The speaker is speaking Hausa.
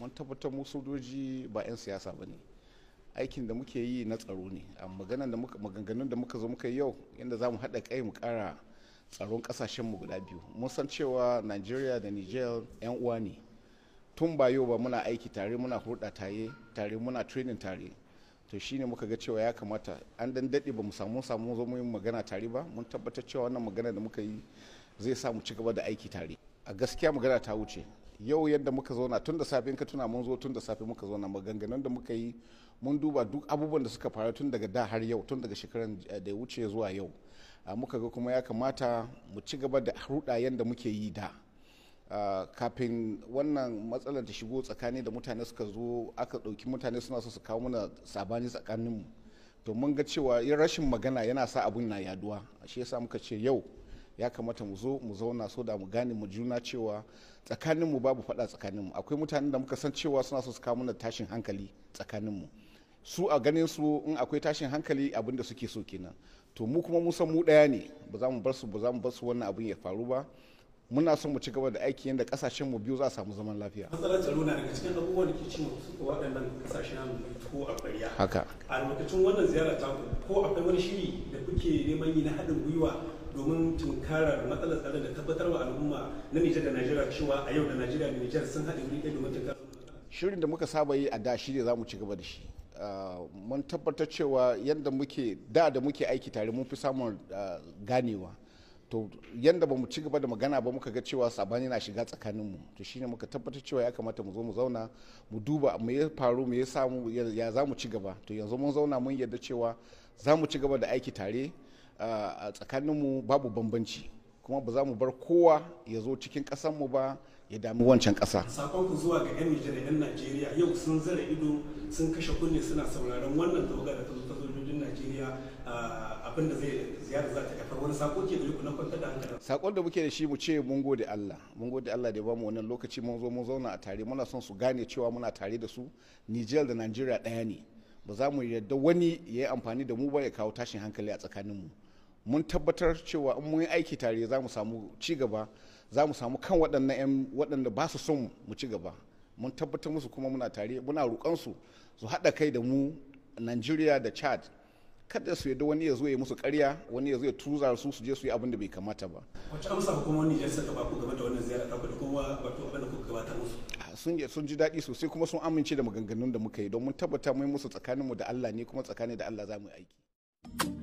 mun tabbatar mu sojoji ba 'yan siyasa ba ne aikin da muke yi na tsaro ne a maganganun da muka zo muka yi yau inda za mu haɗa kai mu ƙara tsaron mu guda biyu mun san cewa nigeria da niger 'yan uwa ne tun ba yau ba muna aiki tare muna hulɗa tare tare muna training tare to shine muka ga cewa ya kamata an dan daɗe ba mu samu samu zo mu yi magana tare ba mun tabbatar cewa wannan magana da muka yi zai sa mu ci gaba da aiki tare a gaskiya magana ta wuce yau yadda muka zauna tun da safe ka tuna mun zo tun da safe muka zauna maganganun da muka yi mun duba duk abubuwan da suka faru tun daga da har yau tun daga shekaran eh, da ya wuce zuwa yau ah, muka ga kuma ya kamata mu ci gaba da ruɗayen da muke yi da ah, kafin wannan matsalar ta shigo tsakani da mutane suka zo aka ɗauki mutane suna so su kawo mana sabani tsakaninmu to mun ga cewa rashin magana yana sa abun na yaduwa shi yasa muka ce yau ya kamata mu zo mu zauna so da mu gane mu juna cewa tsakaninmu babu faɗa mu akwai mutanen da muka san cewa suna so su kawo mana tashin hankali tsakaninmu su a ganin su in akwai tashin hankali abin da suke so kenan to mu kuma mu san mu ɗaya ne ba za mu bar su ba za mu bar su wannan abin ya faru ba muna son mu ci gaba da aiki yadda kasashen mu biyu za a samu zaman lafiya. Matsalar tsaro na daga cikin abubuwan da ke cin kasashen ko a ƙarya. Haka. A lokacin wannan ziyara ta ko akwai wani shiri da kuke neman yi na haɗin gwiwa domin tunkarar matsalar tsaro da tabbatar wa al'umma na Nijar da Najeriya cewa a yau da Najeriya da Nijar sun haɗe wuri ɗaya domin tunkarar shirin da muka saba yi a da shi ne za mu ci gaba da shi ah, mun tabbatar cewa yadda muke da da muke aiki tare mun fi samun ah, ganewa to yadda ba mu ci gaba da magana ba muka ga cewa sabani na shiga tsakaninmu to shine muka tabbatar cewa ya kamata mu zo mu zauna mu duba mu ya faru mu ya samu ya za mu ci gaba to yanzu mun zauna mun yadda cewa za mu ci gaba da aiki tare a tsakaninmu babu bambanci kuma ba za mu bar kowa ya zo cikin kasanmu ba ya dami wancan ƙasa. Sakonku zuwa ga 'yan Nijar da 'yan Najeriya yau sun zara ido sun kashe kunne suna sauraron wannan tawaga da ta zo ta sojojin Najeriya abin da zai ziyara za ta kafar wani sako ke ku na kwanta da hankali. Sakon da muke da shi mu ce mun gode Allah mun gode Allah da ya bamu wannan lokaci mun zo mun zauna a tare muna son su gane cewa muna tare da su Nijar da Najeriya ɗaya ne ba za mu yarda wani ya yi amfani da mu ba ya kawo tashin hankali a tsakaninmu. mu. mun tabbatar cewa in mun yi aiki tare za mu samu ci gaba za mu samu kan waɗannan 'yan waɗanda ba su son mu ci gaba mun tabbatar musu kuma muna tare muna roƙonsu su haɗa kai da mu nigeria da Chad kada su yadda wani ya zo ya musu ƙarya wani ya zo ya tuza su su je su yi abin da bai kamata ba. wacce amsa wani Nijar saka ba ku game da wannan ziyara ta da kowa wato abin da kuka gabata musu? Ah, sun je sun ji daɗi sosai kuma sun amince da maganganun da muka yi don mun tabbata mun musu tsakaninmu da Allah ne kuma tsakanin da Allah za mu yi aiki.